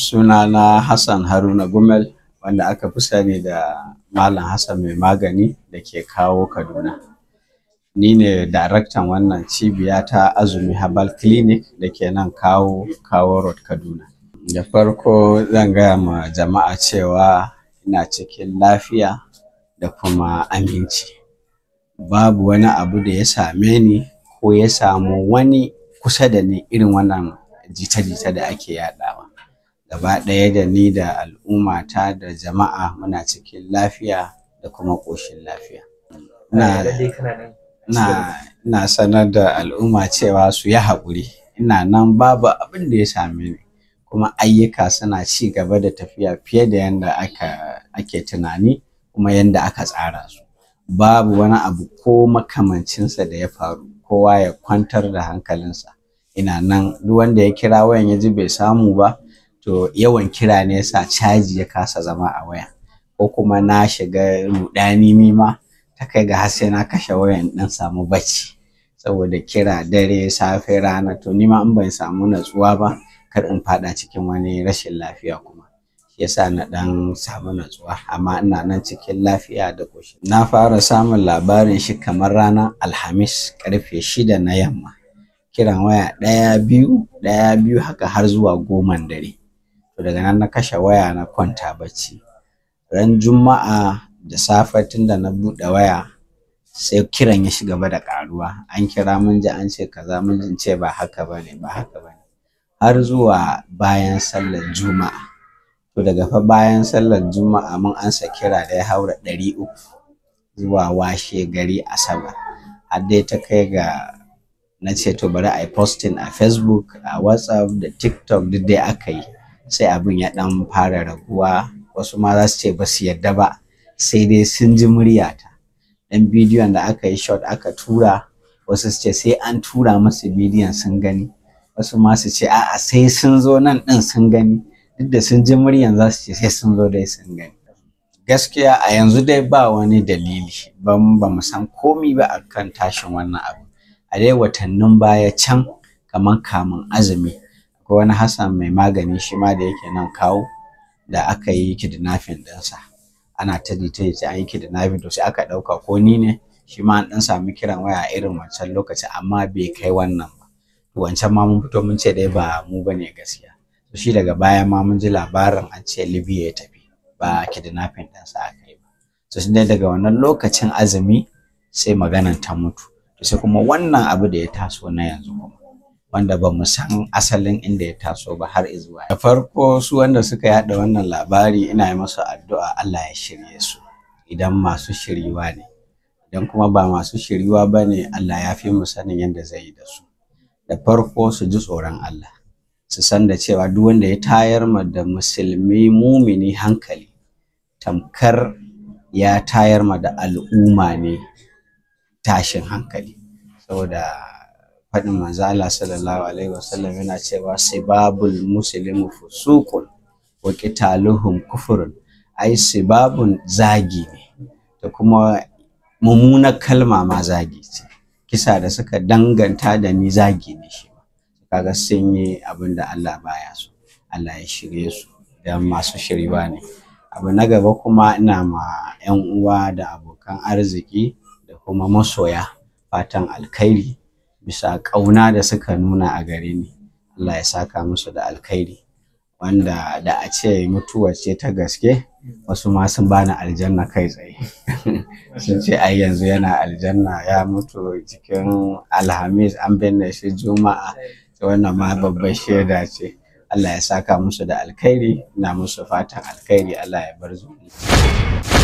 Suna na Hassan Haruna Gumel wanda aka fi sani da Malam Hassan mai magani da ke kawo Kaduna. Ni ne daraktan wannan cibiya ta Azumi Habal Clinic da ke nan kawo kawo Road Kaduna. Da farko zan gaya ma jama'a cewa ina cikin lafiya da kuma aminci. Babu wani abu da ya same ni ko ya samu wani kusa da ni irin wannan jita-jita da ake yada gaba ɗaya da ni da al'ummata da jama'a muna cikin lafiya da kuma ƙoshin lafiya. na sanar da al'umma cewa su yi haƙuri, ina nan babu abin da ya same ni, kuma ayyuka suna ci gaba da tafiya fiye da yadda ake tunani kuma yadda aka tsara su. Babu wani abu ko makamancinsa da ya faru, kowa ya kwantar da hankalinsa. Ina nan duk wanda ya kira wayan ya ji bai samu ba. to yawan kira ne sa caji ya kasa zama a waya ko kuma na shiga rudani ma ta kai ga har sai na kashe wayan dan samu bacci saboda kira dare safe rana to ni ma in ban samu natsuwa ba kar in fada cikin wani rashin lafiya kuma yasa na dan samu natsuwa amma ina nan cikin lafiya da koshi na fara samun labarin shi kamar rana alhamis karfe shida na yamma kiran waya ɗaya biyu ɗaya biyu haka har zuwa goman dare to daga nan na kashe waya na kwanta bacci ran juma'a da safe da na buɗe waya sai kiran ya shiga da ƙaruwa an kira mun ji an ce kaza mun ji ce ba haka bane ba haka bane har zuwa bayan sallar juma'a to daga fa bayan sallar juma'a mun ansa kira da ya haura ɗari uku zuwa washe gari asabar har dai ta kai ga na ce to bari a yi posting a facebook a whatsapp da tiktok duk dai aka yi sai abin ya dan fara raguwa wasu ma za su ce ba su yadda ba sai dai sun ji muryata dan bidiyon da aka yi shot aka tura wasu su ce sai an tura masu bidiyon sun gani wasu ma su ce a'a sai sun zo nan din sun gani duk da sun ji muryan za su ce sai sun zo dai sun gani gaskiya a yanzu dai ba wani dalili ban ba mu san komi ba akan tashin wannan abu a dai watannin baya can kamar kamun azumi akwai wani hassan mai magani shi ma da yake nan kawo da aka yi kidnapping ɗinsa ana ta ta yi an yi kidnapping to sai aka ɗauka ko ni ne shi ma an ɗan samu kiran waya irin wancan lokaci amma bai kai wannan ba wancan ma mun fito mun ce dai ba mu bane gaskiya to shi daga baya ma mun ji labarin an ce libya ya tafi ba kidnapping ɗinsa aka yi ba to shi dai daga wannan lokacin azumi sai maganan ta mutu to sai kuma wannan abu da ya taso na yanzu kuma wanda ba mu san asalin inda ya taso ba har izuwa da farko su wanda suka yada wannan labari ina yi masu addu'a Allah ya shirye su idan masu shiriwa ne idan kuma ba masu shiriwa ba ne Allah ya fi mu sanin yadda zai yi da su da farko su ji tsoron Allah su san da cewa duk wanda ya tayar ma da musulmi mumini hankali tamkar ya tayar ma da al'umma ne tashin hankali saboda faɗin manzo Allah sallallahu alaihi wasallam yana cewa sibabul muslimu fusuqun wa qitaluhum kufrun ai sibabun zagi ne da kuma mummunar kalma ma zagi ce kisa da suka danganta da ni zagi ne shi kaga sun yi abin Allah baya su, Allah ya shirye su dan masu shirywa ne abu na gaba kuma ina ma 'yan uwa da abokan arziki da kuma masoya fatan alkhairi bisa ƙauna da suka nuna a gare ni Allah ya saka musu da alkhairi wanda da a ce mutuwa ce ta gaske wasu ma sun bani aljanna kai tsaye sun ce ai yanzu yana aljanna ya mutu cikin alhamis an binne shi juma'a wannan ma babbar shaida ce Allah ya saka musu da alkhairi na musu fatan alkhairi Allah ya bar zuwa